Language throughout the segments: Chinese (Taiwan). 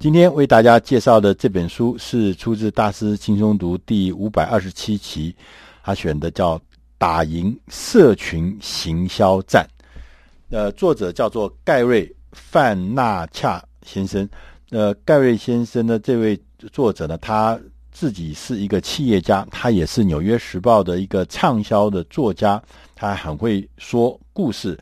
今天為大家介紹的這本書是出自大師輕鬆讀第五百二十七期，他選的叫《打贏社群行銷戰》。呃，作者叫做蓋瑞·范納恰先生。呃，蓋瑞先生呢，這位作者呢，他自己是一個企業家，他也是《紐約時報》的一個暢銷的作家，他很會說故事。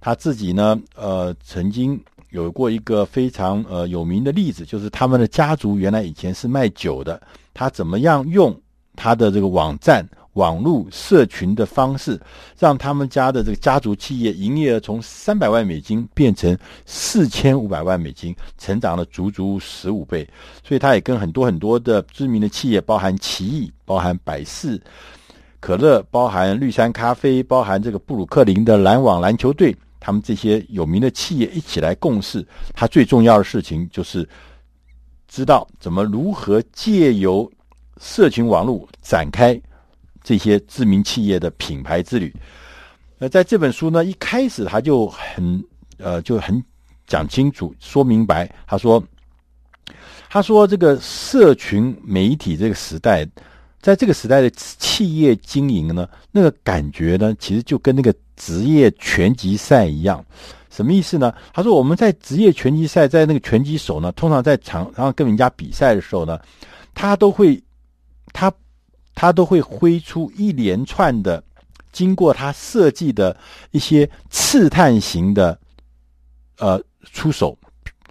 他自己呢，呃，曾經，有過一個非常呃有名的例子，就是他們的家族原來以前是賣酒的，他怎麼樣用他的這個網站、網絡、社群的方式，讓他們家的這個家族企業營業額從三百萬美金變成四千五百萬美金，成長了足足十五倍。所以他也跟很多很多的知名的企業，包含奇異、包含百事可樂、包含綠山咖啡、包含這個布魯克林的籃網籃球隊。他們這些有名的企業一起來共事，他最重要的事情就是知道怎麼如何借由社群網絡展開這些知名企業的品牌之旅。那在這本書呢，一開始他就很呃就很講清楚，說明白，他說他說這個社群媒體這個時代。在這個時代的企業經營呢，那個感覺呢，其實就跟那個職業拳擊賽一樣。什麼意思呢？他說我們在職業拳擊賽，在那個拳擊手呢，通常在場，然後跟人家比賽的時候呢，他都會他他都會揮出一連串的，經過他設計的一些刺探型的呃出手，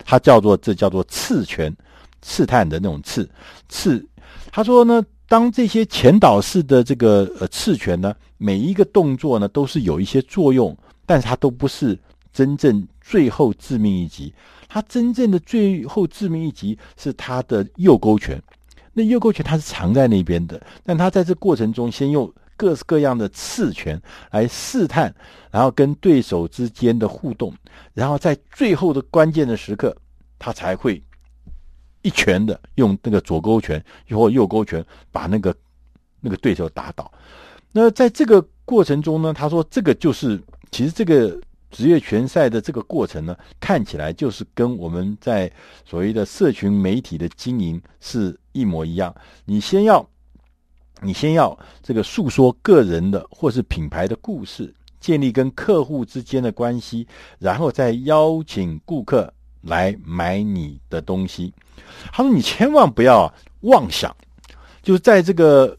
他叫做這叫做刺拳，刺探的那種刺刺。他說呢。當這些前導式的這個呃刺拳呢，每一個動作呢都是有一些作用，但是它都不是真正最後致命一擊。它真正的最後致命一擊是他的右勾拳。那右勾拳它是藏在那邊的，但他在這過程中先用各式各樣的刺拳來試探，然後跟對手之間的互動，然後在最後的關鍵的時刻，他才會。一拳的用那個左勾拳又或右勾拳把那個那個對手打倒。那在這個過程中呢，他說這個就是其實這個職業拳賽的這個過程呢，看起來就是跟我們在所謂的社群媒體的經營是一模一樣。你先要你先要這個訴說個人的或是品牌的故事，建立跟客戶之間的關係，然後再邀請顧客。來買你的東西，他說：“你千萬不要妄想，就是在這個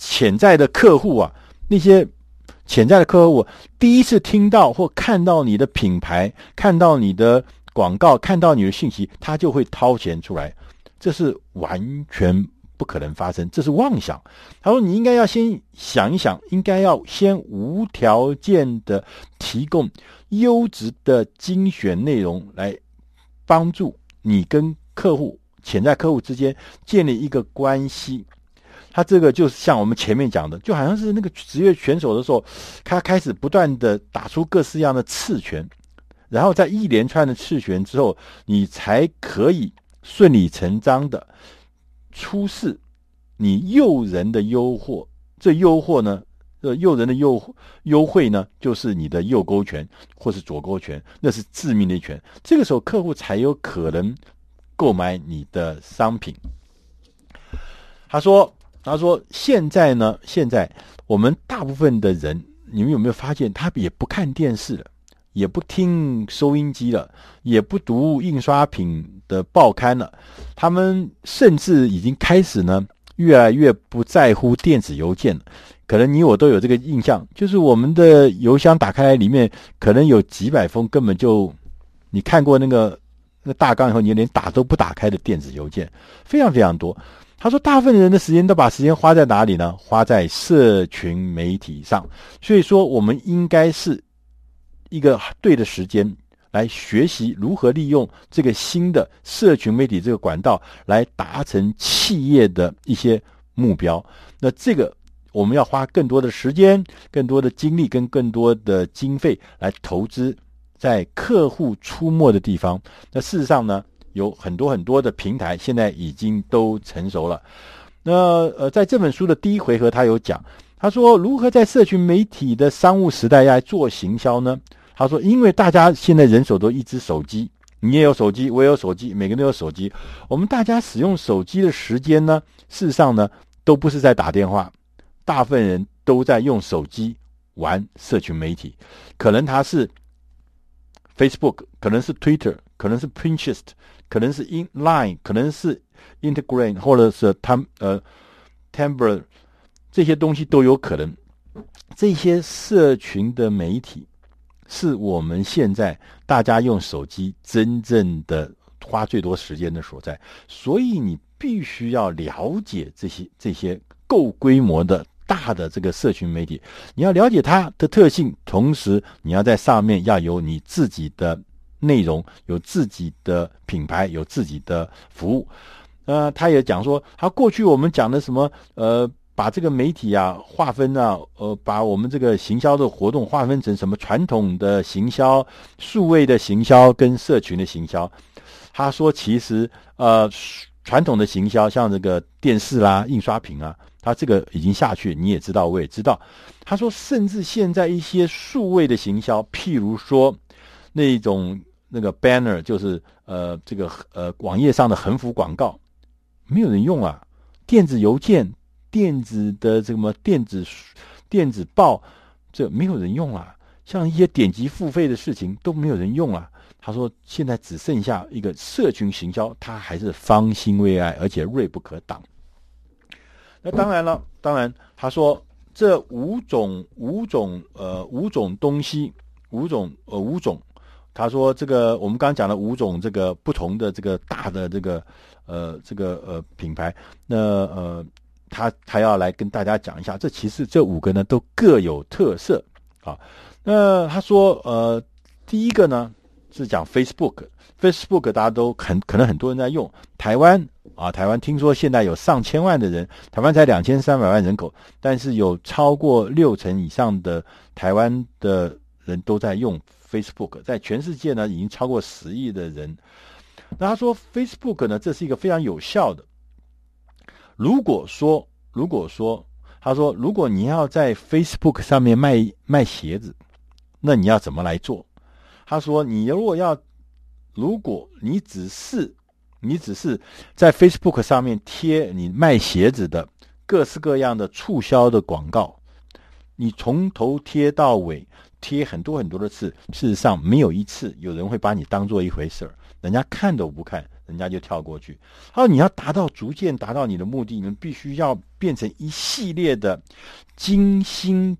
潛在的客戶啊，那些潛在的客戶第一次聽到或看到你的品牌、看到你的廣告、看到你的信息，他就會掏錢出來，這是完全不可能發生，這是妄想。”他說：“你應該要先想一想，應該要先無條件的提供優質的精選內容來。”幫助你跟客戶、潛在客戶之間建立一個關係，他這個就是像我們前面講的，就好像是那個職業拳手的時候，他開始不斷的打出各式樣的刺拳，然後在一連串的刺拳之後，你才可以順理成章的出示你誘人的誘惑。這誘惑呢？這誘人的誘優，優惠呢，就是你的右勾拳，或是左勾拳，那是致命的一拳。這個時候，客戶才有可能購買你的商品。他說：“他說現在呢，現在我們大部分的人，你們有沒有發現，他也不看電視了，也不聽收音機了，也不讀印刷品的報刊了，他們甚至已經開始呢，越來越不在乎電子郵件了。”可能你我都有這個印象，就是我們的郵箱打開來，裡面可能有幾百封根本就你看過那個那大綱以後，你連打都不打開的電子郵件，非常非常多。他說，大部分人的時間都把時間花在哪裡呢？花在社群媒體上。所以說，我們應該是一個對的時間來學習如何利用這個新的社群媒體這個管道來達成企業的一些目標。那這個。我們要花更多的時間、更多的精力跟更多的經費來投資在客戶出沒的地方。那事實上呢，有很多很多的平台現在已經都成熟了。那呃，在這本書的第一回合，他有講，他說如何在社群媒體的商務時代來做行銷呢？他說，因為大家現在人手都一只手機，你也有手機，我也有手機，每個人都有手機。我們大家使用手機的時間呢，事實上呢，都不是在打電話。大部分人都在用手機玩社群媒體，可能他是 Facebook，可能是 Twitter，可能是 Pinterest，可能是 In Line，可能是 Instagram，或者是 Tem、um, 呃 Tumblr 這些東西都有可能。這些社群的媒體是我們現在大家用手機真正的花最多時間的所在，所以你必須要了解這些這些夠規模的。大的這個社群媒體，你要了解它的特性，同時你要在上面要有你自己的內容，有自己的品牌，有自己的服務。呃，他也講說，他過去我們講的什麼，呃，把這個媒體啊劃分啊，呃，把我們這個行銷的活動劃分成什麼傳統的行銷、數位的行銷跟社群的行銷。他說其實，呃，傳統的行銷，像這個電視啦、啊、印刷品啊，他這個已經下去，你也知道，我也知道。他說，甚至現在一些數位的行銷，譬如說那一種那個 banner，就是呃這個呃網頁上的橫幅廣告，沒有人用啊，電子郵件、電子的什麼電子電子報，這沒有人用啊。像一些點擊付費的事情，都沒有人用了，啊。他說現在只剩下一個社群行銷，他還是方興未艾，而且銳不可擋。那當然了，當然他說這五種五種呃五種東西，五種呃五種，他說這個我們剛剛講了五種這個不同的這個大的這個呃這個呃品牌，那呃他他要來跟大家講一下，這其實這五個呢都各有特色啊。那、呃、他說，呃，第一個呢是講 Facebook，Facebook 大家都很可能很多人在用。台灣啊，台灣聽說現在有上千萬的人，台灣才兩千三百萬人口，但是有超過六成以上的台灣的人都在用 Facebook，在全世界呢已經超過十億的人。那他說 Facebook 呢，這是一個非常有效的。如果說，如果說，他說如果你要在 Facebook 上面賣賣鞋子。那你要怎麼來做？他說：“你如果要，如果你只是，你只是在 Facebook 上面貼你賣鞋子的各式各樣的促銷的廣告，你從頭貼到尾，貼很多很多的次，事實上沒有一次有人會把你當做一回事兒，人家看都不看，人家就跳過去。他說你要達到逐漸達到你的目的，你們必須要變成一系列的精心。”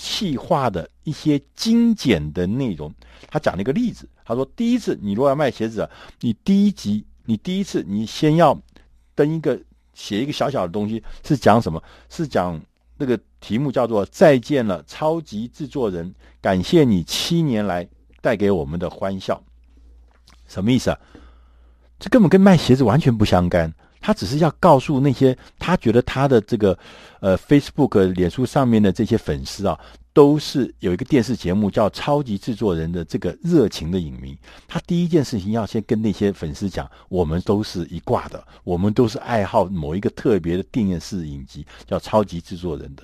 細化的一些精簡的內容，他講了一個例子。他說，第一次你如果要賣鞋子，啊，你第一集，你第一次，你先要登一個寫一個小小的東西，是講什麼？是講那個題目叫做《再見了超級制作人》，感謝你七年來帶給我們的歡笑。什麼意思啊？這根本跟賣鞋子完全不相干。他只是要告訴那些他覺得他的這個呃 Facebook 臉書上面的這些粉絲啊，都是有一個電視節目叫《超級製作人》的這個熱情的影迷。他第一件事情要先跟那些粉絲講，我們都是一掛的，我們都是愛好某一個特別的電視影集叫《超級製作人》的，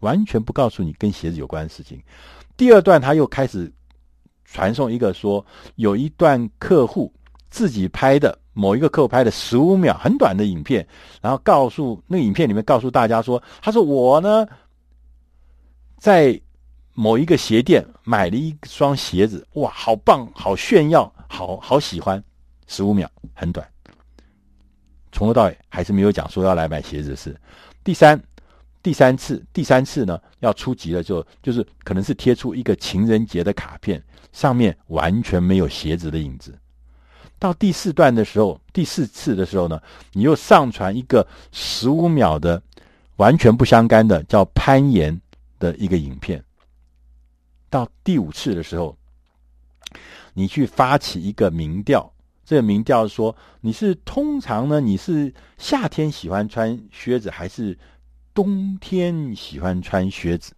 完全不告訴你跟鞋子有關的事情。第二段他又開始傳送一個說，有一段客戶自己拍的。某一個客戶拍了十五秒很短的影片，然後告訴那個、影片裡面告訴大家說：“他說我呢，在某一個鞋店買了一雙鞋子，哇，好棒，好炫耀，好好喜歡。15秒”十五秒很短，從頭到尾還是沒有講說要來買鞋子的事。第三、第三次、第三次呢要出擊了，就就是可能是貼出一個情人節的卡片，上面完全沒有鞋子的影子。到第四段的時候，第四次的時候呢，你又上傳一個十五秒的完全不相干的叫攀岩的一個影片。到第五次的時候，你去發起一個民調，這個民調說，你是通常呢，你是夏天喜歡穿靴子還是冬天喜歡穿靴子？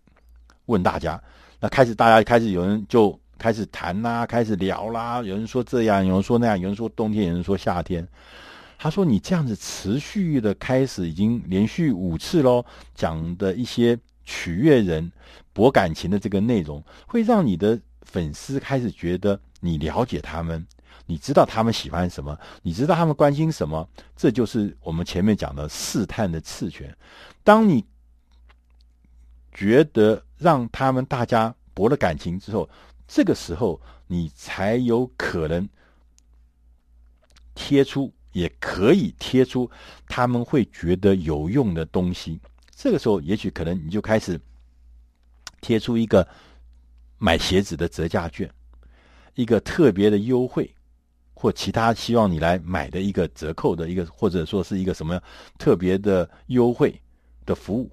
問大家。那開始大家開始有人就。開始談啦、啊，開始聊啦、啊。有人說這樣，有人說那樣，有人說冬天，有人說夏天。他說：“你這樣子持續的開始，已經連續五次嘍，講的一些取悅人、博感情的這個內容，會讓你的粉絲開始覺得你了解他們，你知道他們喜歡什麼，你知道他們關心什麼。這就是我們前面講的試探的刺拳。當你覺得讓他們大家博了感情之後。”這個時候，你才有可能貼出，也可以貼出他們會覺得有用的東西。這個時候，也許可能你就開始貼出一個買鞋子的折價券，一個特別的優惠，或其他希望你來買的一個折扣的一個，或者說是一個什麼特別的優惠的服務。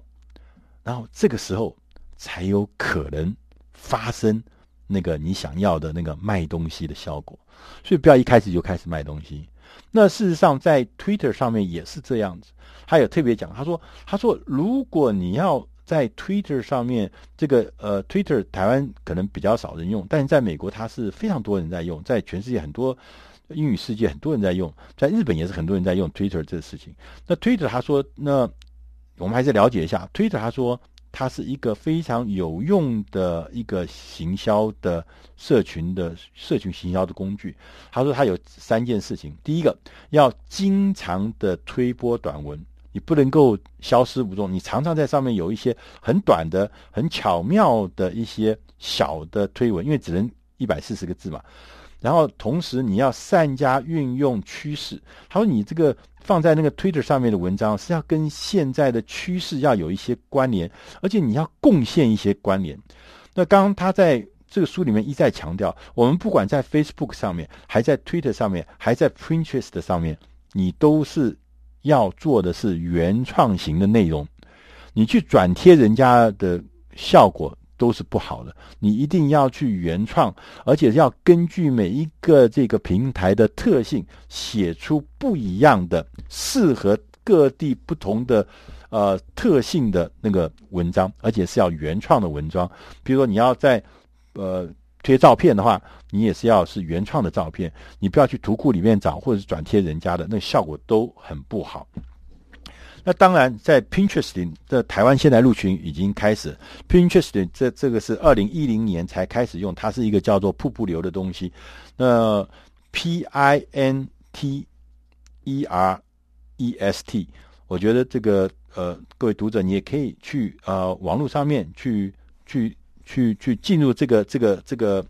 然後，這個時候才有可能發生。那個你想要的那個賣東西的效果，所以不要一開始就開始賣東西。那事實上，在 Twitter 上面也是這樣子，他有特別講，他說，他說，如果你要在 Twitter 上面，這個呃，Twitter 台灣可能比較少人用，但是在美國它是非常多人在用，在全世界很多英語世界很多人在用，在日本也是很多人在用 Twitter 這個事情。那 Twitter 他說，那我們還是了解一下，Twitter 他說。它是一個非常有用的一個行銷的社群的社群行銷的工具。他說他有三件事情，第一個要經常的推播短文，你不能夠消失無蹤，你常常在上面有一些很短的、很巧妙的一些小的推文，因為只能一百四十個字嘛。然後，同時你要善加運用趨勢。還有你這個放在那個 Twitter 上面的文章是要跟現在的趨勢要有一些關聯，而且你要貢獻一些關聯。那剛剛他在這個書裡面一再強調，我們不管在 Facebook 上面，還在 Twitter 上面，還在 Pinterest 上面，你都是要做的是原創型的內容。你去轉貼人家的效果，都是不好的，你一定要去原創，而且是要根據每一個這個平台的特性，寫出不一樣的、適合各地不同的、呃特性的那個文章，而且是要原創的文章。比如說，你要在呃貼照片的話，你也是要是原創的照片，你不要去圖庫裡面找或者是轉貼人家的，那個效果都很不好。那當然在，在 Pinterest 的台灣現在入群已經開始。Pinterest 這這個是二零一零年才開始用，它是一個叫做瀑布流的東西。那 P I N T E R E S T，我覺得這個呃，各位讀者你也可以去呃網絡上面去去去去進入這個這個這個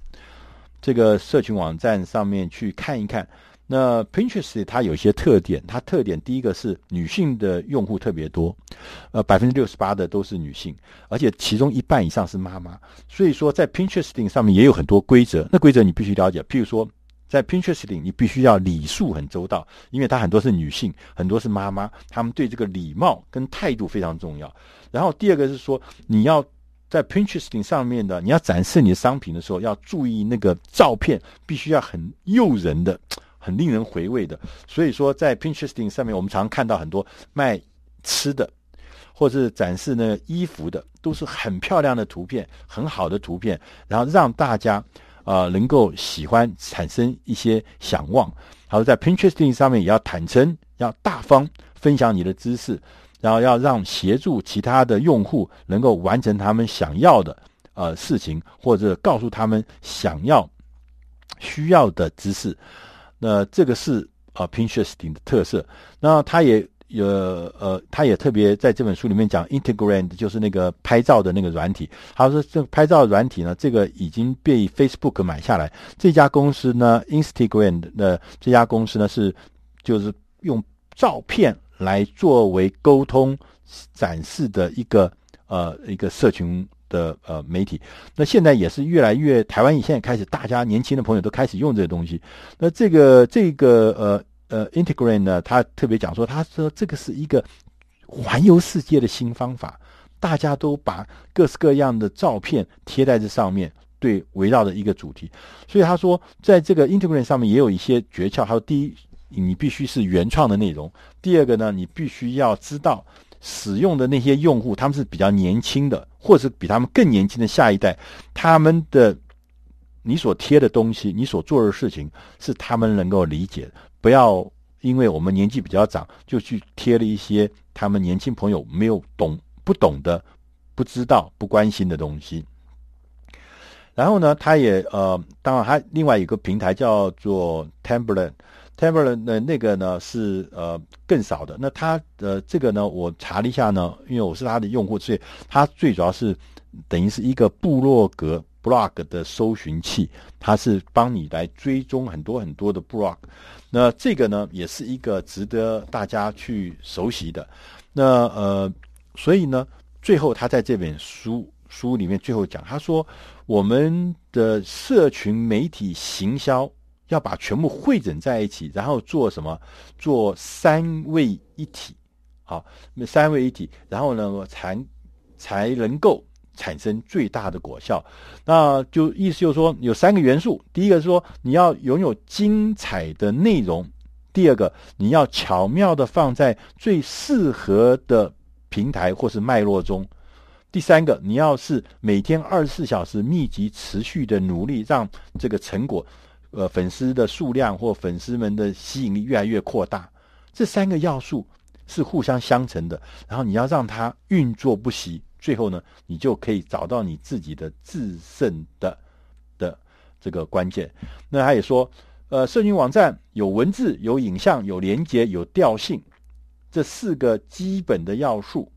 這個社群網站上面去看一看。那 Pinterest 它有一些特點，它特點第一個是女性的用戶特別多，呃68，百分之六十八的都是女性，而且其中一半以上是媽媽。所以說，在 Pinterest 上面也有很多規則，那規則你必須了解。譬如說，在 Pinterest 上你必須要禮數很周到，因為它很多是女性，很多是媽媽，她們對這個禮貌跟態度非常重要。然後第二個是說，你要在 Pinterest 上面的，你要展示你的商品的時候，要注意那個照片必須要很誘人的。很令人回味的，所以說在 Pinterest 上面，我們常常看到很多賣吃的，或是展示呢衣服的，都是很漂亮的圖片，很好的圖片，然後讓大家呃能夠喜歡，產生一些想望。然後在 Pinterest 上面也要坦誠，要大方分享你的知識，然後要讓協助其他的用戶能夠完成他們想要的呃事情，或者告訴他們想要需要的知識。呃，這個是啊，呃、Pinterest 的特色。那他也有呃，呃，他也特別在這本書裡面講 Instagram，就是那個拍照的那個軟體。他說，這拍照軟體呢，這個已經被 Facebook 買下來。這家公司呢，Instagram 的這家公司呢，是就是用照片來作為溝通展示的一個呃一個社群，的呃媒體，那現在也是越來越台灣，也現在開始大家年輕的朋友都開始用這個東西。那這個這個呃呃 Instagram 呢，他特別講說，他說這個是一個環遊世界的新方法，大家都把各式各樣的照片貼在這上面，對，圍繞着一個主題。所以他說，在這個 Instagram 上面也有一些訣竅，還有第一，你必須是原創的內容；第二個呢，你必須要知道使用的那些用戶，他們是比較年輕的。或者是比他們更年輕的下一代，他們的你所貼的東西，你所做的事情是他們能夠理解的。不要因為我們年紀比較長，就去貼了一些他們年輕朋友沒有懂、不懂的、不知道、不關心的東西。然後呢，他也呃，當然他另外有個平台叫做 Tumblr 那那個呢是，呃更少的，那他的這個呢，我查了一下呢，因為我是他的用戶，所以他最主要是等於是一個部落格 blog 的搜尋器，它是幫你來追蹤很多很多的 blog。那這個呢也是一個值得大家去熟悉的。那呃，所以呢，最後他在這本書書裡面最後講，他說我們的社群媒體行銷。要把全部匯整在一起，然後做什麼？做三位一體，好，那三位一體，然後呢，才才能夠產生最大的果效。那就意思就是說，有三個元素：第一個是說，你要擁有精彩的內容；第二個，你要巧妙的放在最適合的平台或是脈絡中；第三個，你要是每天二十四小時密集持續的努力，讓這個成果。呃，粉絲的數量或粉絲們的吸引力越來越擴大，這三個要素是互相相乘的。然後你要讓它運作不息，最後呢，你就可以找到你自己的制勝的的這個關鍵。那他也說，呃，社群網站有文，有文字、有影像、有連接、有調性，這四個基本的要素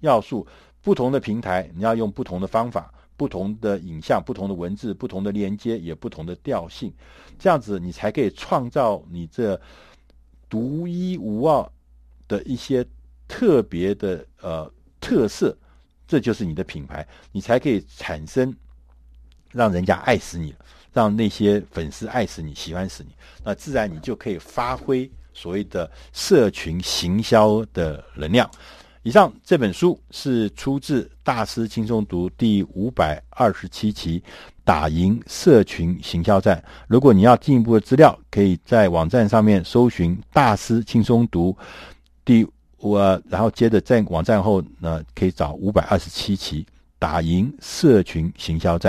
要素。不同的平台，你要用不同的方法。不同的影像、不同的文字、不同的連接，也不同的調性，這樣子你才可以創造你這獨一無二的一些特別的呃特色，這就是你的品牌，你才可以產生讓人家愛死你，讓那些粉絲愛死你、喜歡死你，那自然你就可以發揮所謂的社群行銷的能量。以上這本書是出自《大師輕鬆讀》第五百二十七期《打贏社群行銷戰》。如果你要進一步的資料，可以在網站上面搜尋《大師輕鬆讀》第五，然後接着在網站後呢，可以找五百二十七期《打贏社群行銷戰》。